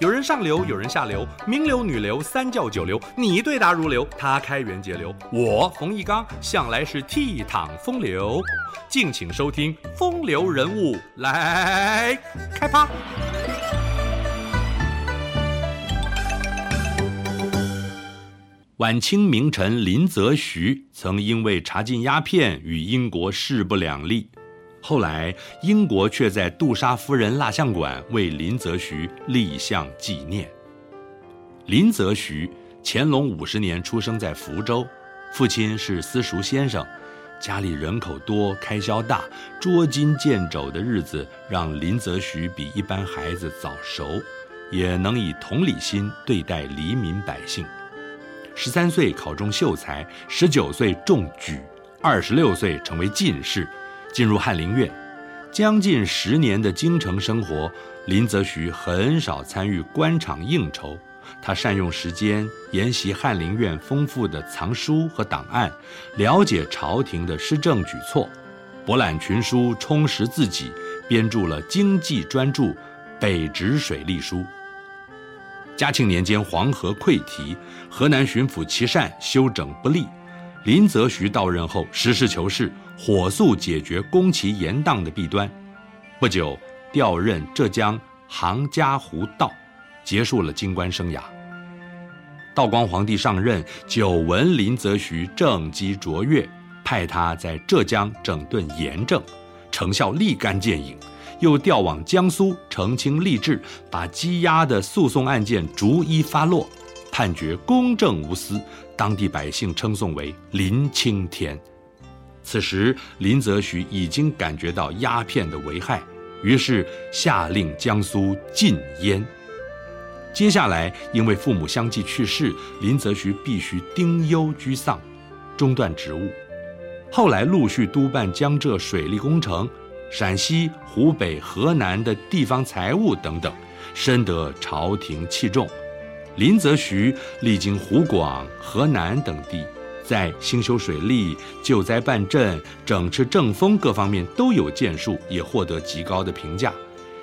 有人上流，有人下流，名流、女流、三教九流，你對答如流，他開源節流，我馮翊綱向來是倜儻風流。敬請收聽《風流人物》來，來開趴。晚清名臣林則徐曾因為查禁鴉片與英國勢不兩立。後來，英國卻在杜莎夫人蠟像館為林則徐立像紀念。林則徐，乾隆五十年出生在福州，父親是私塾先生，家裡人口多，開銷大，捉襟見肘的日子讓林則徐比一般孩子早熟，也能以同理心對待黎民百姓。十三歲考中秀才，十九歲中舉，二十六歲成為進士。進入翰林院，將近十年的京城生活，林則徐很少參與官場應酬。他善用時間，研習翰林院豐富的藏書和檔案，了解朝廷的施政舉措，博覽群書，充實自己，編著了經濟專著《北直水利書》。嘉慶年間，黃河潰堤，河南巡撫琦善修整不力。林則徐到任後，實事求是，火速解決宮崎延宕的弊端。不久，調任浙江杭嘉湖道，結束了京官生涯。道光皇帝上任，久聞林則徐政績卓越，派他在浙江整頓鹽政，成效立竿見影。又調往江蘇澄清吏治，把積壓的訴訟案件逐一發落。判決公正無私，當地百姓稱頌為林青天。此時，林則徐已經感覺到鴉片的危害，於是下令江蘇禁煙。接下來，因為父母相繼去世，林則徐必須丁憂居喪，中斷職務。後來，陸續督辦江浙水利工程、陝西、湖北、河南的地方財務等等，深得朝廷器重。林則徐歷經湖廣、河南等地，在興修水利、救災辦賑、整治政風各方面都有建樹，也獲得極高的評價。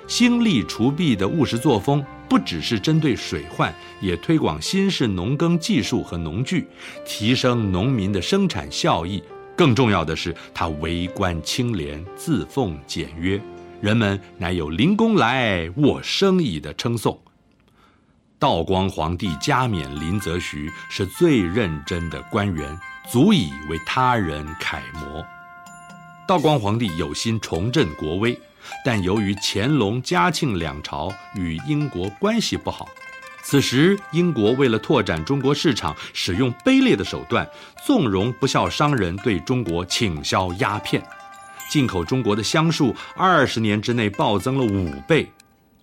興利除弊的務實作風，不只是針對水患，也推廣新式農耕技術和農具，提升農民的生產效益。更重要的是，他為官清廉，自奉儉約，人們乃有“林公來，我生矣”的稱頌。道光皇帝嘉勉林則徐是最認真的官員，足以為他人楷模。道光皇帝有心重振國威，但由於乾隆、嘉慶兩朝與英國關係不好，此時英國為了拓展中國市場，使用卑劣的手段，縱容不肖商人對中國傾銷鴉片，進口中國的箱數二十年之內暴增了五倍，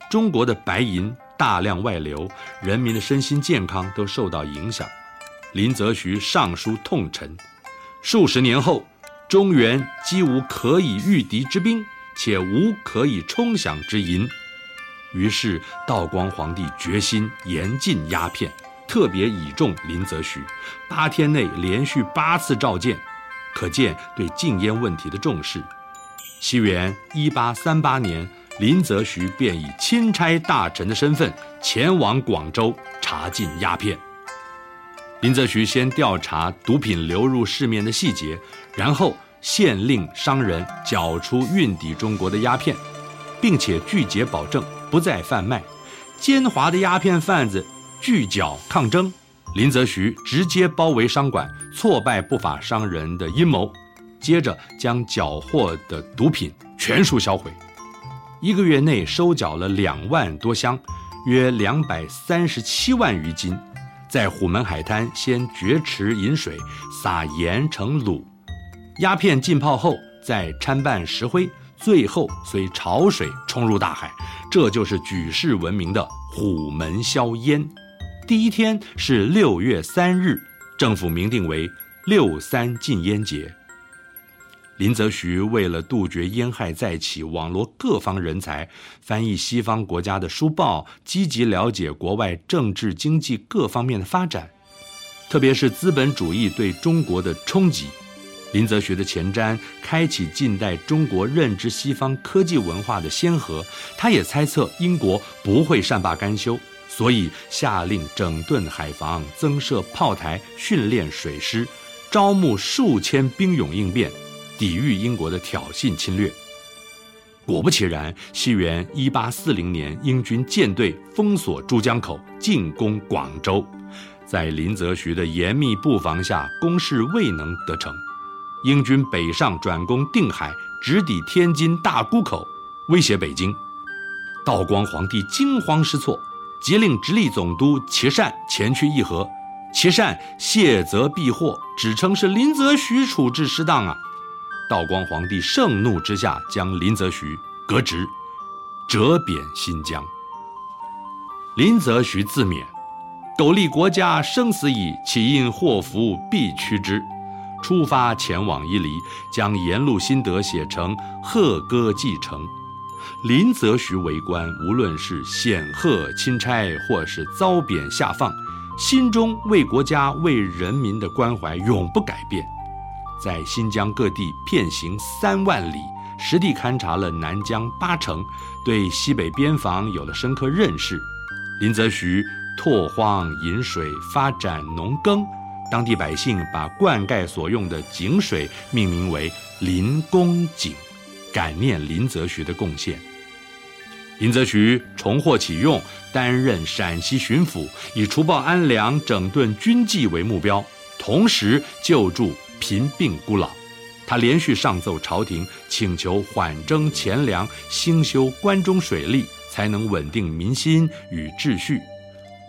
中國的白銀。大量外流，人民的身心健康都受到影響。林則徐上書痛陳：數十年後，中原幾無可以禦敵之兵，且無可以充餉之銀。於是道光皇帝決心嚴禁鴉片，特別倚重林則徐。八天內連續八次召見，可見對禁烟問題的重視。西元一八三八年。林則徐便以欽差大臣的身份前往廣州查禁鴉片。林則徐先調查毒品流入市面的細節，然後限令商人繳出運抵中國的鴉片，並且拒絕保證不再販賣。奸猾的鴉片販子拒繳抗爭，林則徐直接包圍商館，挫敗不法商人的陰謀，接着將繳獲的毒品全數銷毀。一個月內收繳了兩萬多箱，約兩百三十七萬餘斤，在虎門海灘先掘池引水，撒鹽成鹵，鴉片浸泡後再摻拌石灰，最後隨潮水沖入大海。這就是舉世聞名的虎門銷煙。第一天是六月三日，政府明定為“六三禁煙節”。林則徐為了杜絕煙害再起，網羅各方人才，翻譯西方國家的書報，積極了解國外政治經濟各方面的發展，特別是資本主義對中國的衝擊。林則徐的前瞻，開啟近代中國認知西方科技文化的先河。他也猜測英國不會善罷甘休，所以下令整頓海防，增設炮台，訓練水師，招募數千兵勇應變。抵禦英國的挑釁侵略。果不其然，西元一八四零年，英軍艦隊封鎖珠江口，進攻廣州，在林則徐的嚴密布防下，攻勢未能得逞。英軍北上轉攻定海，直抵天津大沽口，威脅北京。道光皇帝驚慌失措，急令直隸總督琦善前去議和。琦善卸責避禍，只稱是林則徐處置失當啊。道光皇帝盛怒之下，將林則徐革職，謫貶新疆。林則徐自勉：“苟利國家生死以，豈因禍福避趨之。”出發前往伊犁，將沿路心得寫成《荷戈紀程》。林則徐為官，無論是顯赫欽差，或是遭貶下放，心中為國家、為人民的關懷永不改變。在新疆各地遍行三萬里，實地勘察了南疆八城，對西北邊防有了深刻認識。林則徐拓荒引水，發展農耕，當地百姓把灌溉所用的井水命名為“林公井”，感念林則徐的貢獻。林則徐重獲啟用，擔任陝西巡撫，以除暴安良、整頓軍紀為目標，同時救助。貧病孤老，他連續上奏朝廷，請求緩徵錢糧，興修關中水利，才能穩定民心與秩序。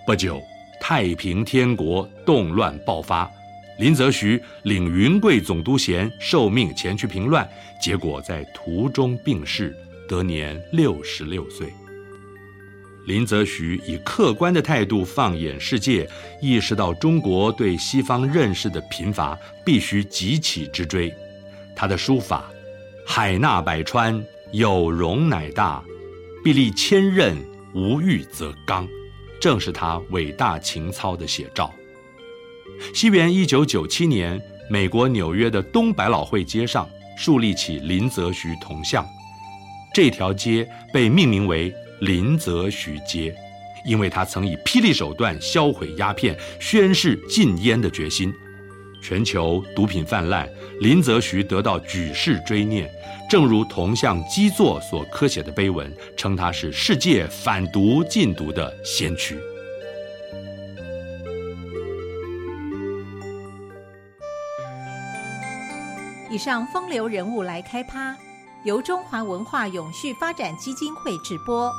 不久，太平天國動亂爆發，林則徐領雲貴總督銜，受命前去平亂，結果在途中病逝，得年六十六歲。林則徐以客觀的態度放眼世界，意識到中國對西方認識的貧乏，必須急起直追。他的書法“海納百川，有容乃大；壁立千仞，無欲則剛”，正是他偉大情操的寫照。西元一九九七年，美國紐約的東百老匯街上樹立起林則徐銅像，這條街被命名為，林則徐街，因為他曾以霹靂手段銷毀鴉片，宣誓禁煙的決心。全球毒品泛濫，林則徐得到舉世追念。正如銅像基座所刻寫的碑文，稱他是世界反毒禁毒的先驅。以上風流人物來開趴。由中華文化永續發展基金會直播。